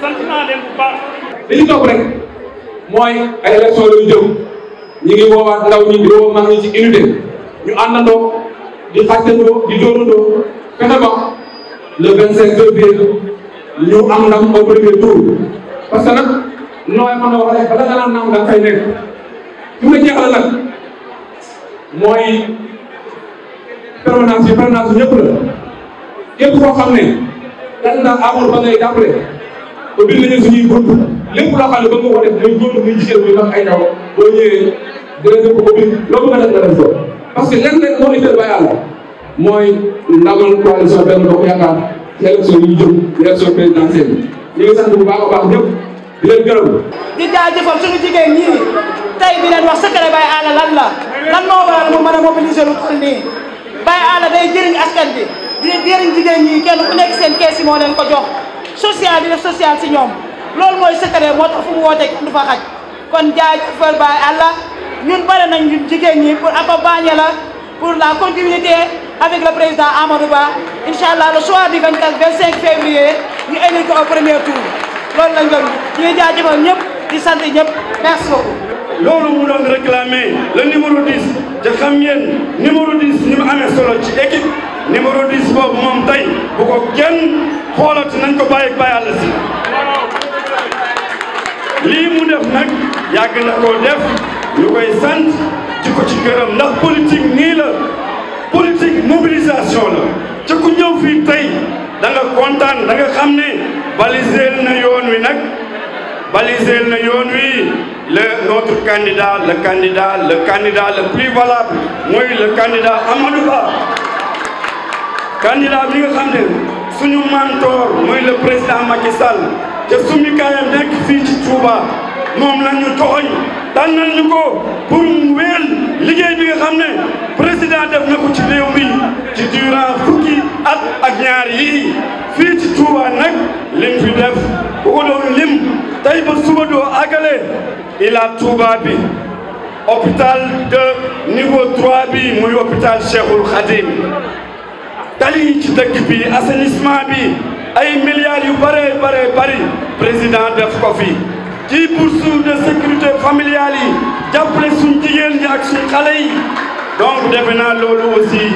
sant naa leen baax. li ñu topp rek mooy ay élection la ñu jëm ñu ngi woowaat ndaw ñi di woo mag ñi ci unité ñu àndandoo di xàccandoo di dóorandoo fexe ba le 25 février que mooy permanence permanence ñëpp la képp koo ne dañ na amul ba ngay jàppale. ba bind nañu suñuy bunt lépp loo xam ne bëgg nga ko def muy góor muy jigéen muy mag ay ndaw boo ñëwee dina def ko bind loo bëgg a def nga def ko parce que lenn rek moo itteel ba yàlla mooy ndamal coalition benn bokk yaakaar ci élection yi ñu jëm élection présidentielle bi ñu ngi sant bu baax a baax di leen gërëm. di jaajëfal suñu jigéen ñi tey di leen wax secret Baye Alla lan la lan moo waral mu mën a mobiliser lu toll nii Baye Alla day jëriñ askan bi di jëriñ social di def si ñoom loolu mooy secret moo tax fu mu wootee kenn du fa xaj kon jaajëfal baay àlla ñun bare ñun jigéen ñi pour accompagner la pour la continuité avec le président Amadou Ba incha allah le soir du 24 25 février ñu élire ko au premier tour loolu ñu ngi jaajëfal ñëpp di sant ñëpp merci beaucoup. loolu mu doon réclamé le numéro 10 te xam ngeen numéro solo ci équipe. numéro 10 boobu moom tey bu ko kenn xoolati nañ ko bàyyi Baye Alla lii mu def nag yàgg na koo def ñu koy sant di ko ci gërëm ndax politique nii la politique la ci ku ñëw fii tey danga kontaan da nga xam ne baliseel na yoon wi nag baliseel na yoon wi le notre candidat le candidat le candidat le plus valable mooy le candidat Amadou Ba candidat bi nga ne suñu mentor mooy le président Macky Sall te sumi kaayam nekk fii ci Touba moom la ñu toxoñ tànnal ñu ko pour mu liggéey bi nga xam ne président def na ko ci réew mi ci durant fukki at ak ñaar yii fii ci Touba nag lim fi def ku ko doon lim tey ba suba doo àggale ila Touba bi hôpital de niveau 3 bi muy hôpital Cheikhoul Khadim tali yi ci dëkk bi assainissement bi ay milliards yu bëree bëree bari président def ko fi ci bourse de sécurité familiale yi jàppale suñ jigéen ñi ak suñ xale yi donc defe naa loolu aussi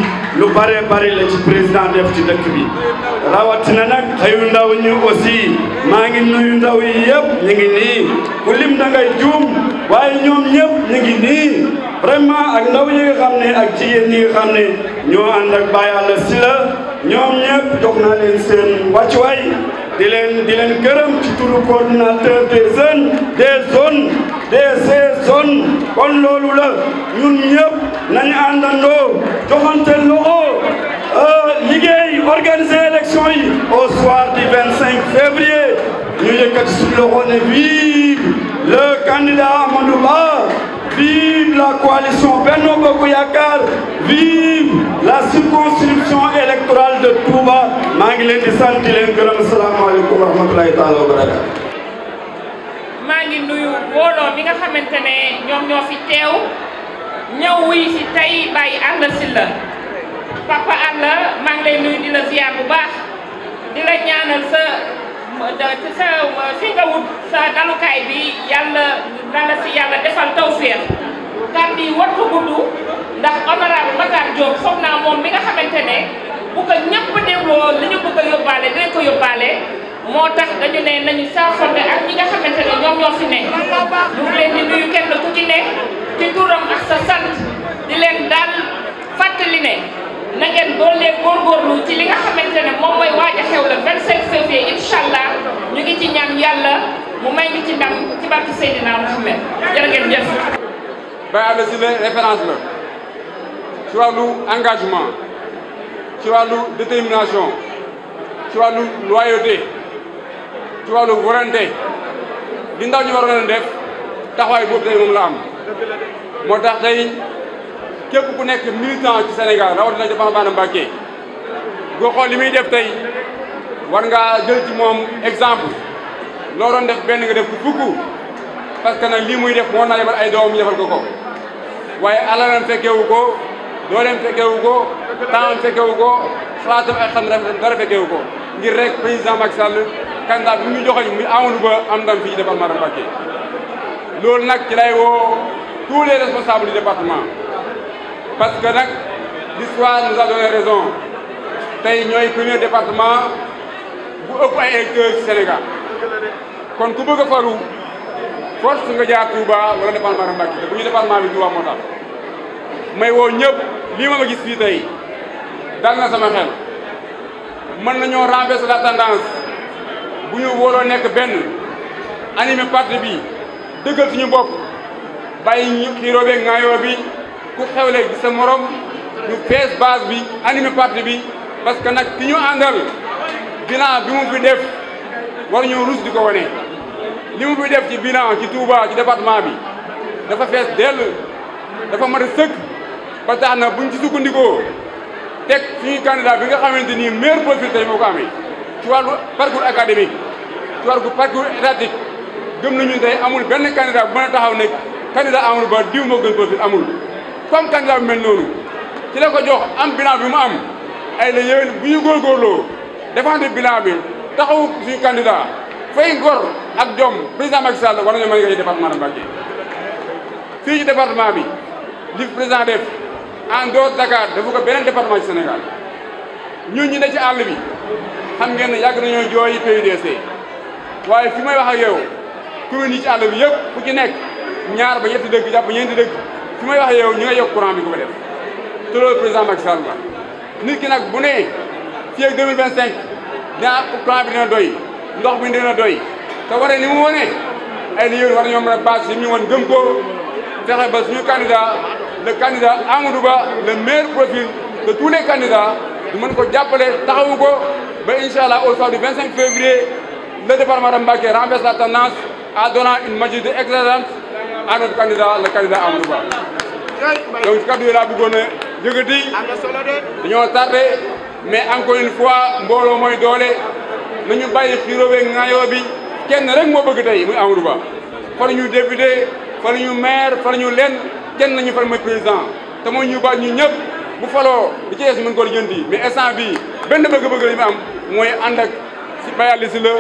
lu bare bare la ci président def ci dëkk bi na nag xëyu ndaw ñi aussi maa ngi nuyu ndaw yi yëpp ñu ngi nii ku lim da ngay juum waaye ñoom ñëpp ñu ngi nii vraiment ak ndaw yi nga xam ne ak jigéen ñi nga xam ne ñoo ànd ak Baye Alla ñoom ñëpp jox naa leen seen wàccuwaay di leen di leen gërëm ci turu coordinateur des jeunes des zones des seize kon loolu la ñun ñëpp nañu àndandoo joxante loxo euh, liggéey organiser élection yi au soir du 25 février ñu yëkkati suñu loxo ne vive le candidat Amadou Ba vive la coalition Benno Bokk Yakaar vive la circonscription électorale de Touba maa di sant di leen gërëm salaamaaleykum wa rahmatulahi ngi nga xamante ne ñoom ñoo fi teew ñëw dalukaay bi yàlla na la yàlla defal tawféex kàddu yi wartu gudd ndax honorable Matar Diop foog naa moom mi nga xamante ne bu ko ñëpp dégloo li bëgg yóbbaale dinañ ko yóbbaale moo tax dañu nañu saafonte ak ñi nga xamante ne ñoom ñoo fi ne ñu ngi leen di nuyu kenn ku ci ne ci turam ak sa di leen daal fàttali ne na ngeen doolee góorgóorlu ci li nga xamante ne moom mooy waaj a xew le 25 février ñu ngi ci ñaan yàlla mu may ñu ci ndam ci barke Seydina Mohamed jërë ngeen jëf. Baye Alla Sylla référence la ci wàllu engagement ci wàllu détermination ci wàllu loyauté. ci wàllu warante li ñu waroon a def taxawaay boobu tey moom la am moo tax tey képp ku nekk militant ci Sénégal rawatina ci Bamba Mbacké boo xool li muy def tey war ngaa jël moom exemple loo doon def benn nga def ko fukk parce que nag lii muy def moo naa ay doomam ñu defal waaye alalam fekkewu ko dooleem fekkewu ko temps fekkewu ko xalaatam ak dara fekkewu ngir rek président Macky Sall bi ñu joxoñ muy Amadou Ba am ndam fii département de Mbacké loolu nag ci lay woo tous les responsables du département parce que nag l'histoire nous a donné raison tey ñooy premier département bu ëpp ay électeurs ci Sénégal kon ku bëgg a faru force nga jaar Touba wala département de Mbacké te bu ñu département bi Touba moo may woo ñëpp lii ma ma fii tey dal na sama xel mën nañoo renverser la tendance bu ñu wóoloo nekk benn animé parti bi dëggal suñu bopp bàyyi ñu xiiroo beeg ŋaayoo bi ku xewle gi morom ñu fees base bi animé parti bi parce que nag ki ñu àndal bilan bi mu fi def war ñu rus di ko wane li mu fi def ci bilan ci Touba ci département bi dafa fees dell dafa mat a sëkk ba tax na buñ ci sukkandikoo teg fii candidat bi nga xamante ni meilleur profil tey moo ko amee ci wàllu parcours académique ci wàllu parcours étatique nañu tey amul benn candidat bu mën a taxaw ne candidat amul ba diw moo gën profil amul comme candidat bu mel noonu ci la ko jox am bilan bi mu am ay la yéen bu ñu góorgóorloo défendre bilan bi taxawu suñu candidat fay ngor ak jom président Macky Sall war nañoo mën a département de Mbacké fii ci département bi li def en dehors Dakar dafa ko beneen département ci Sénégal ñun ñi ne ci àll bi xam ngeen ne yàgg nañoo jooy PUDC waaye fi may wax ak yow commune yi ci àll yëpp ku ci nekk ñaar ba ñetti dëkk jàpp ñeenti dëkk fi may wax ak ñu nga yokk courant bi ku ko def te loolu président Macky Sall la nit ki nag bu ne fii ak 2025 dinaa ah, courant bi dina doy ndox bi dina doy te waree ni mu wane ay liggéey war nañoo mën a base yi ñu woon gëm ko fexe ba suñu candidat le candidat Amadou Ba le meilleur profil de tous les candidats ñu mën ko jàppale taxawu ko ba incha allah au soir du 25 février le département de Mbacké renverse la tendance en donnant une majorité écrasante à notre candidat le candidat Amadou Ba. donc kaddu yi laa bëggoon a yëngati dañoo tardé mais encore une fois mbooloo mooy doole nañu bàyyi xiiroo beeg kenn rek moo bëgg tey muy Amadou Ba fa la ñu député fa kenn nañu fal mooy président te ñu ba ñu ñëpp bu faloo di ci des mën koo lijjanti mais instant bi benn bëgg-bëgg mooy ànd ak si Bayal si la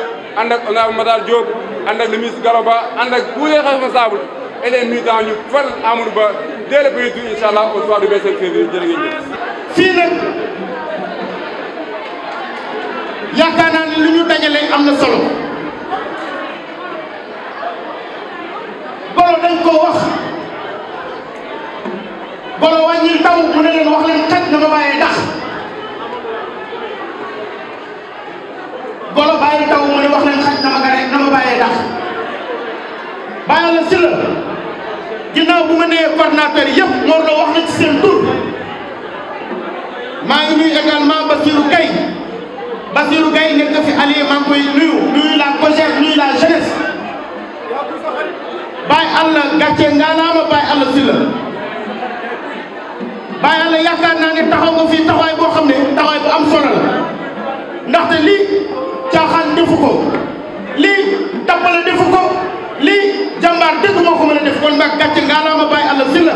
ànd ak honorable Matar Diop ànd ak le ministre Garoba ànd ak tous les responsables et les militants ñu fal Amadou Ba dès le premier tour incha allah au soir du 25 février jërë ngeen jëf. fii nag yaakaar naa ne lu ñu am na solo. daw mu ne ma bàyyi ndax golo bàyyi daw mu ne wax leen ci seen tur maa ngi nuyu également Basirou Gueye Basirou Gueye nekk fi allié maa koy nuyu nuyu la COJER nuyu la jeunesse bàyyi àll gàcce nga naa ma si la waaye yàlla yaakaar naa taxaw nga fii taxawaay boo xam ne taxawaay bu am solo ndaxte lii caaxaan defu ko lii tappale defu ko lii jàmbaar dëgg moo ko mën a def kon nag gàcce ngaalaama bàyyi àlla si la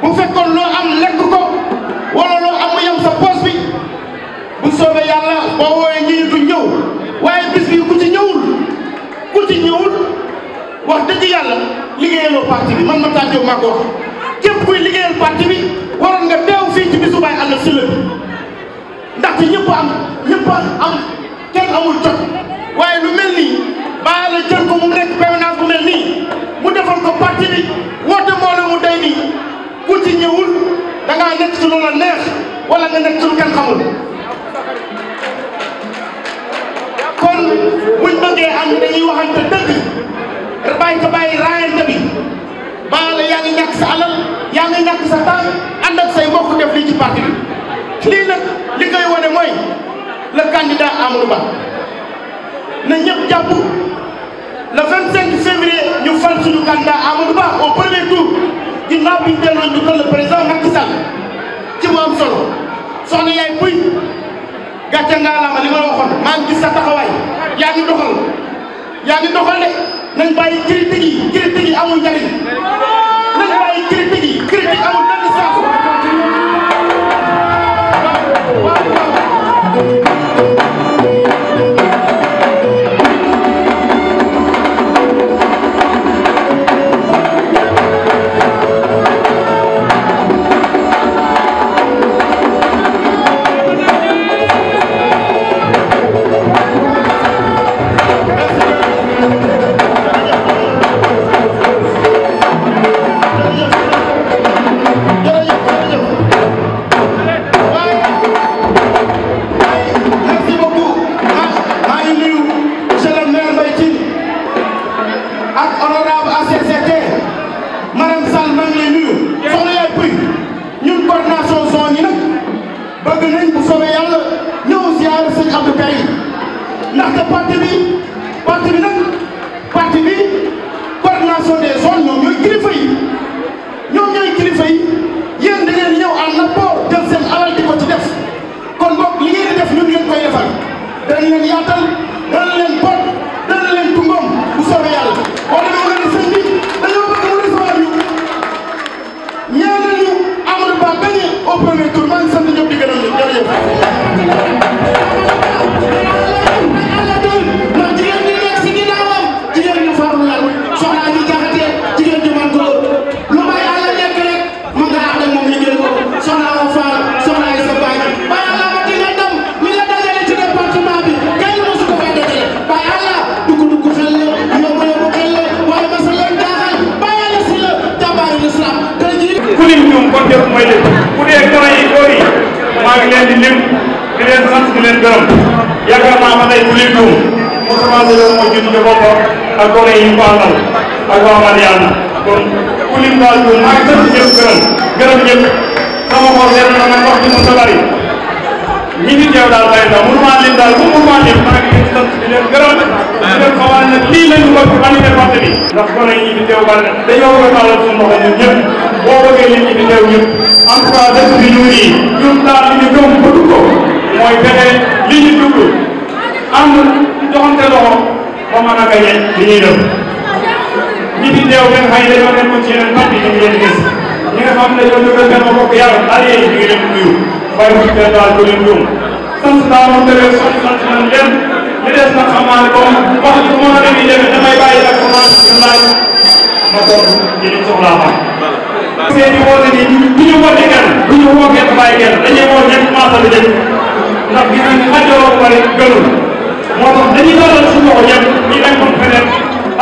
bu fekkoon loo am lekk ko wala loo am sa poos bi bu soobee yàlla boo woowee ñi ñëw waaye bis bi ku ci ñëwul ku ci ñëwul wax dëgg yàlla liggéeyaloo parti bi man ma tàggeew maa ko wax képp kuy liggéeyal parti bi nga teew fii ci bisu Baye Alla Sylla bi ndaxte am am kenn amul jot waaye lu mel nii Baye Alla jël ko mu nekk permanence bu mel nii mu defal ko parti bi woote mu day nii ku ñëwul da ngaa nekk ci lu nga nekk ci kenn xamul kon buñ bëggee am dañuy waxante dëgg bàyyi ko bàyyi raayante bi baa la yaa ngi ñàkk sa alal yaa ngi ñàkk sa temps ànd ak say mbokk def lii bi lii nag li koy wane mooy le candidat Amadou Ba na ñëpp jàpp le 25 février ñu fal suñu candidat Amadou Ba au premier tour ginnaaw bi ñu ko le président Macky Sall ci mu am solo soxna yaay puy gàcce li ma la maa ngi sa taxawaay yaa ngi doxal yaa ngi doxal nañ bàyyi critique yi critique yi amul njariñ ak honorable ACCT madame Sall maa ngi lay nuyu. soxna yaay Pouy ñun coordination zone yi nag bëgg nañ bu soobee yàlla ñëw ziar sëñ Abdou Karim ndaxte parti bi parti bi nag parti bi coordination des zones ñoom ñooy kilifa yi ñoom ñooy kilifa yi yéen da ñëw en apport jël seen alal di ko ci def kon boog li def ñun ngeen koy defal danañ leen yaatal danañ leen dee tuum Moustapha Seye moom moo jiitu ca boppam ak gone yi mu àndal ak waa Madiana kon ku daal tuum maa ngi sant ñëpp gërëm gërëm ñëpp sama xol na nag wax ji mën bari ñi fi teew daal bàyyi ndax maa lim daal bu maa lim maa ngi leen sant di leen gërëm di leen xamal ne lii lañu bëgg anniversaire bi ndax gone yi fi teew bari na dañoo bëgg a tàllal suñu loxo ñun ñëpp boo bëggee nit ñi dëkk bi ñu nii ñun daal li ñu gëm bëgg ko mooy li ñu dugg am joxante loxo ba mën a gañe li ñuy def ñi fi teew ngeen xëy dañoo nekkoon yeneen parti ñu ngi leen gis ñi nga xam ne ñoo dëggal benn bokk yàlla allié yi ñu ngi leen nuyu waaye bu ñu daal du leen juum sant naa moom tamit sant sant nañ leen li des nag xam naa ne na demee demee damay bàyyi ak commencé ñu laaj ñu ñu soxlaa xam seen i woote ni bu ñu woote kenn bu ñu woo kenn bàyyi kenn dañuy woo ñëpp maasal jëm ndax gis nañ xajoo ba moo tax dañuy dooleel suñu loxo ñëpp ñi nekkoon feneen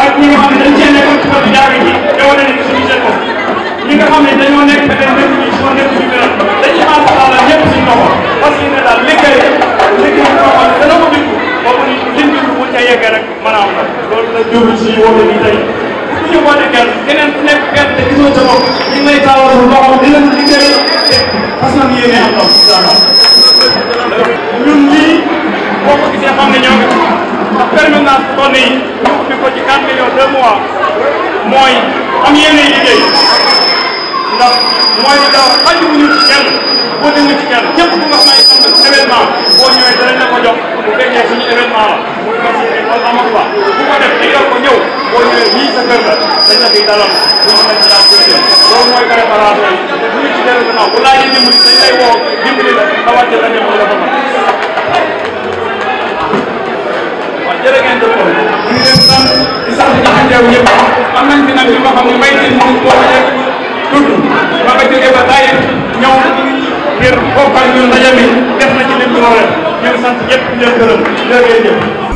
ak ñi nga xam ne dañ cee nekkoon ci wàllu jaaree ji te wane ne suñu seen bopp ñi nga xam ne dañoo nekk feneen nekk ñu soo nekk ñu gën dañuy ànd ak àll ñëpp suñu loxo parce que ne daal liggéey liggéey boo xam ne dana ko bind boobu ni liñ bind bu ca yeggee rek mën a am loolu la jublu si woote bi tey ku ñu woote kenn keneen ku nekk kenn te gisoo sa bopp ñu ngi lay taalal loxo di leen liggéey parce que yéene am na boo ko gisee xam ne ñoo ngi ndax permanence tonn yi ñu ko ci 4 millions 2 mois mooy am yenn liggéey ndax mooy li daw xajuwuñu ci kenn boo déglu ci kenn ñëpp bu nga xam ne am na événement boo ñëwee danañ la ko jox bu fekkee suñu événement la muy fas wala amatu fa bu ko def di ko ñëw boo ñëwee nii sa kër la dañ la koy dalal bu ñu mën a loolu mooy préparation yi bu ñu ci dellu gannaaw bu laajee dimbali dañ lay woo dimbali la xawaat la ñu la ko mën da ngeen dëppoo ñu ngi leen sant di sant jaxanteew ñëpp am nañ fi nag ñu nga xam ne mbay mi moom boo xamee tudd ba nga jógee ba tàyyi ñëw ngir bokkal ñun daje mi def na ci lim bi war a ñu ngi sant ñëpp di leen gërëm jërëjëf